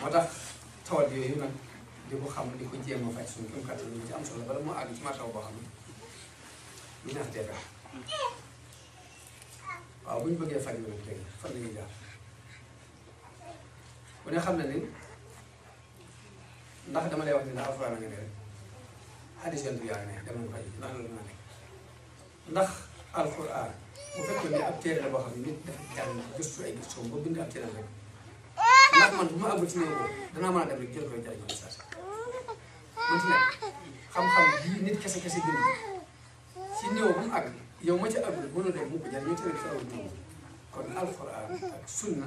moo tax tawat yooyu nag di ko xam di ko jéem a faj suñu kéem kattan bi ci am solo bala moo àgg ci martaw boo xam ne ñu naan waaw bu ñu bëggee faj loolu la ñuy ne xam na ni ndax dama lay wax dina alxuraan nga ne rek xadis yonent bi yaa ngi ne dama ndax a nekk ndax alxuraan bu fekkoon ne ab téere la boo xam ne nit dafa jàng gëstu ay gëstoom ba bind ab téere rek. ndax man bu ma àggul ci ñoom danaa mën a dem rek jël koy jëriñoo saa si man fi xam-xam bii nit kese kese gën ci néew ba mu àgg yow ma ca àggul mënoo dem mu ko jëriñoo ci rek sa aw néew kon alxuraan ak sunna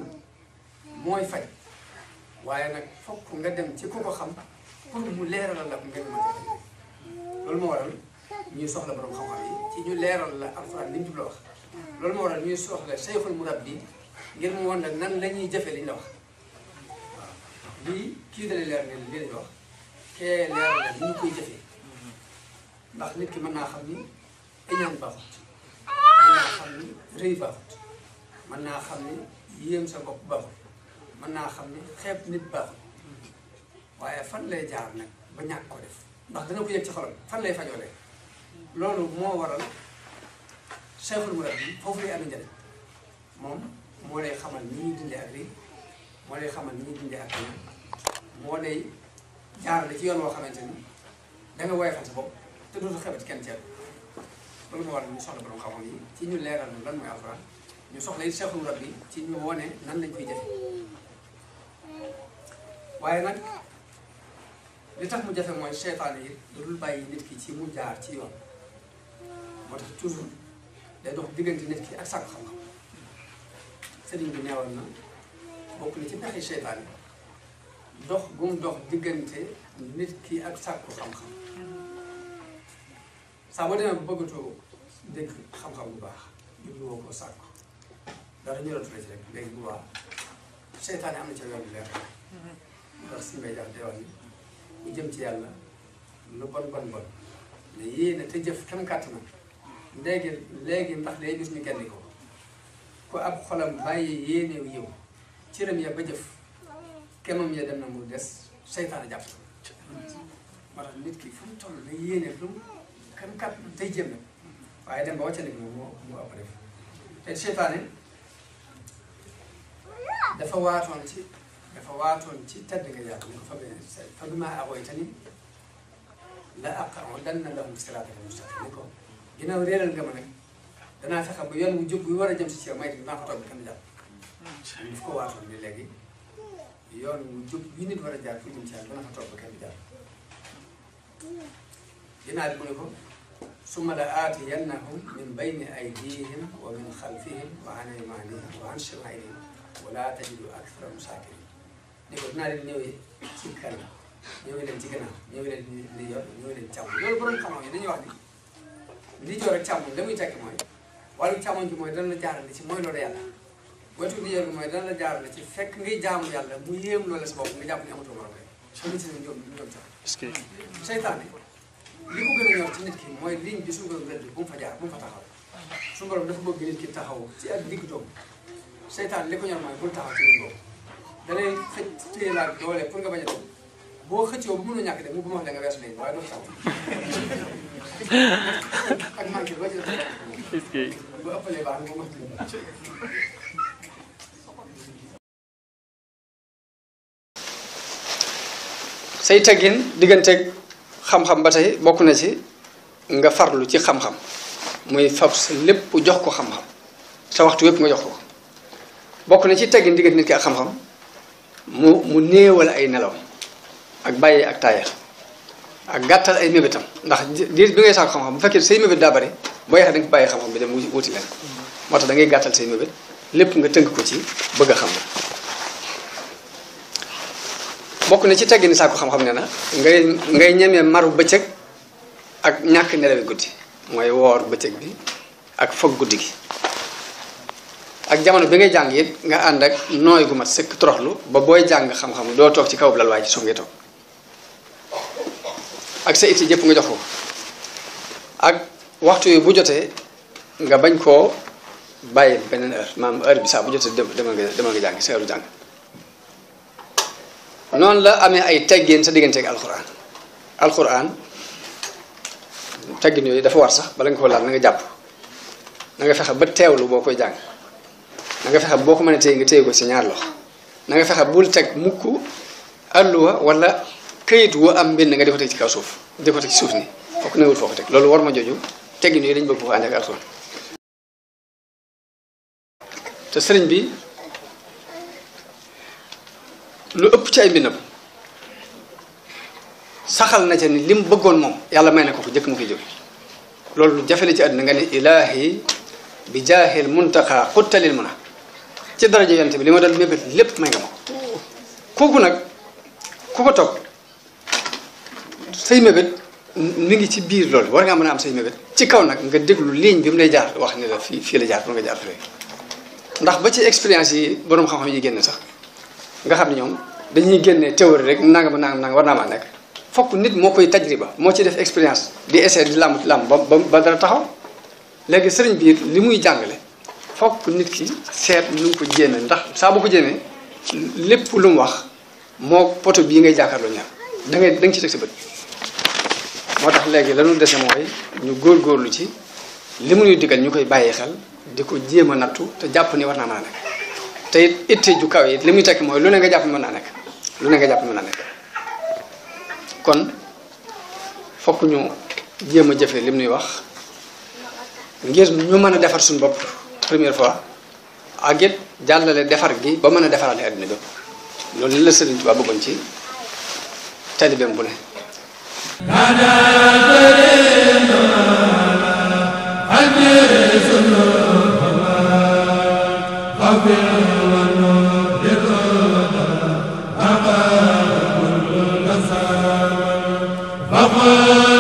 mooy faj waaye nag fokk nga dem ci ku ko xam pour mu leeralal la nga mën a loolu moo waral ñuy soxla borom xam-xam yi ci ñu leeral la alxuraan li mu jublu wax loolu moo waral ñuy soxla seyxul murabbi ngir mu wan nag nan la ñuy jëfe li ñu la wax. lii kii dalee leer ne li leen wax kee leer na koy jëfee ndax nit ki mën naa xam ni iñaan baaxut mën naa xam ni rëy baaxut mën naa xam ni yéem sa bopp baaxut mën naa xam ni xeeb nit baaxut waaye fan lay jaar nag ba ñàkk ko def ndax dana ko yëg ci xolam fan lay fajoolee loolu moo waral cheikhul murab bi foofu lay amee njëriñ moom moo lay xamal ni ñuy dundee ak rëy moo lay xamal ni ñuy ak iñaan moo lay jaarale ci yoon woo xamante ni da nga woyofal sa bopp te dootu xeba ci kenn ceeb loolu moo waral ñu soxla borom xam-xam yi ci ñu leeral lan mooy alxuraan ñu soxla it seexul rab bi ci ñu wone nan lañ koy jafe waaye nag li tax mu jafe mooy seytaane yi dul bàyyi nit ki ci mu jaar ci yoon moo tax toujours day dox diggante nit ki ak sàkku xam-xam sëriñ bi neewal na bokk na ci pexe seytaane dox gum dox diggante nit ki ak sàkku xam-xam saa boo demee ba bëggatoo dégg xam-xam bu baax jubluwoo ko sàkku dara ñoratu la ci rek léegi bu baax seytaane am na ci yoon leer ndax si may jax day wax ni bu jëm ci yàlla lu bon bon bon ne yéene te jëf kam kàttanam léegi léegi ndax day gis ñu genn ko ku ab xolam bàyyi yéenew yow cëram ya ba jëf kenoom yee dem na mu des seytaane jàpp moo tax nit ki fu mu toll day yéene lu mu kan kat day jéem na waaye dem ba wàccalik moom moo moo ëpp def te seytaane dafa waatoon ci dafa waatoon ci tedd nga yàlla mu ko fa fa bi ni ko ginnaaw réeral nga ma nag danaa fexe bu yoon wu jub bu war a jëm si ci may bi maa ko toog ko waatoon ni léegi yoon wu jub yi nit war a jaar fu jëm ci yàlla ba nga fa topp kenn jaar ginnaaw bi mu ne ko summa la aatiyannahum min bayni aydihim wa min xalfihim wa an aymanihim wa an shimailihim wa laa tajidu aktharahum shakirin ne ko dinaa leen ñëwee ci kanam ñëwee leen ci gannaaw ñëwee leen li yor ñëwee leen càmm loolu borom xam-xam yi dañuy wax ni li joor ak càmm la muy tekki mooy wàllu càmmoñ bi mooy dana la jaarale ci mooy loolu yàlla wetu bi yéen mooy dana la jaarale ci fekk ngay jaamu yàlla mu yéem loola sa bopp nga jàpp ne amatoo borom rek soo ci ñoom ñoom sax seytaane li ko gën a ñor ci nit ki mooy ligne bi suñu borom rëdd bu mu fa jaar bu mu fa taxaw suñu borom dafa bëgg taxaw ci ak doom seytaane li ko ñor mooy bul taxaw ci ligne boobu da lay xëj téye laa doole pour nga bañ a doon boo xëccoo bu mënul ñàkk de mu bu ma wax da nga weesu léegi waaye doo taxaw ak manqué ba ci def bu ëppalee baax nga say teggin digganteeg xam-xam ba tey bokk na ci nga farlu ci xam-xam muy fab sa lépp jox ko xam-xam sa waxtu wépp nga jox ko ko bokk na ci teggin diggante nit ki ak xam-xam mu mu néewal ay nelaw ak bàyyi ak taayal ak gàttal ay mébétam ndax diir bi ngay sàkk xam-xam bu fekkee say mébét daa bari boo yàqee da nga bàyyi xam-xam bi dem wuti leen moo tax da gàttal say mébét lépp nga tënk ko ci bëgg xam bokk na ci teggin saako xam-xam ne na ngay ngay ñemee maru bëccëg ak ñàkk nelawi guddi mooy woor bëccëg bi ak foog guddi gi ak jamono bi ngay jàng it nga ànd ak nooy gu mat sëkk toroxlu ba booy jàng xam-xam doo toog ci kaw lal waaye ci suuf ngay toog ak sa itti jëpp nga jox ko ak waxtu wi bu jotee nga bañ koo bàyyi beneen heure maanaam heure bi saa bu jotee dem nga demal nga jàng sa heure jàng noonu la amee ay teggin sa digganteeg alxuraan alxuraan teggin yooyu dafa war sax bala nga ko laal na nga jàpp na nga fexe ba teewlu boo koy jàng na nga fexe boo ko mën a téye nga téye ko ci na nga fexe bul teg mukk alluwa wala këyit wu am mbind nga di ko ci kaw suuf di ko teg ci suuf ni fokk na wut foo ko teg loolu war ma joju teggin yooyu dañ bëgg ko ànd ak alxuraan te sëriñ bi lu ëpp ci ay mbindam saxal na ca ni li mu bëggoon moom yàlla may na ko ko njëkk mu fi jóge loolu lu jafe la ci àdduna nga ne ilaahi bi jaahil muntaqa xuttalil mun a ci daraja yonte bi li ma doon mébét lépp may nga ma ko kooku nag ku ko topp say mébét mi ngi ci biir loolu war ngaa mën a am say mébét ci kaw nag nga déglu ligne bi mu lay jaar wax ni la fii fii la jaar pour nga jaar fee ndax ba ci expérience yi borom xam-xam yi génn sax nga xam ne ñoom dañuy génne théorie rek nangam nangam nangam war naa maa nekk fokk nit moo koy tajriba moo ci def expérience di essayer di làmb ci làmb ba ba dara taxaw léegi sëriñ bi li muy jàngale fokk nit ki seet nu mu ko jéeme ndax saa boo ko jéemee lépp lu mu wax moo poto bii ngay jàkkaarloo ñaar da ngay da ci teg si bët moo tax léegi lanu dese mooy ñu góor góorgóorlu ci li mu ñuy digal ñu koy bàyyi xel di ko jéem a nattu te jàpp ni war naa mën te itte ju kaw yi li muy tekki mooy lu ne nga jàpp mën naa nekk lu ne nga jàpp mën naa nekk kon fokk ñu jéem a jëfee lim ñuy wax ngir ñu mën a defar suñu bopp première fois ak it jàllale defar gi ba mën a defaraale adduna bépp loolu li la Sëriñ Tuubaa bëggoon ci taalibeem bu ne Muhammad